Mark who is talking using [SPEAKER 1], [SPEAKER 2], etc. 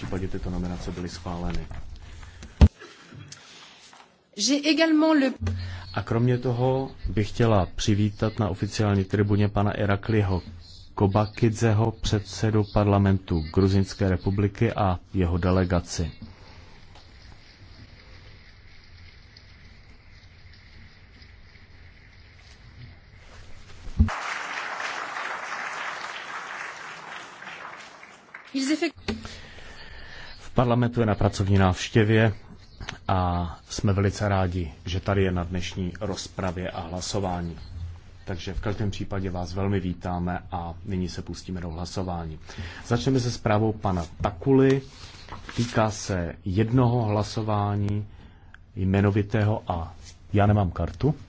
[SPEAKER 1] případě tyto nominace byly schváleny. A kromě toho bych chtěla přivítat na oficiální tribuně pana Irakliho Kobakidzeho, předsedu parlamentu Gruzinské republiky a jeho delegaci parlamentu je na pracovní návštěvě a jsme velice rádi, že tady je na dnešní rozpravě a hlasování. Takže v každém případě vás velmi vítáme a nyní se pustíme do hlasování. Začneme se zprávou pana Takuly. Týká se jednoho hlasování jmenovitého a
[SPEAKER 2] já nemám kartu.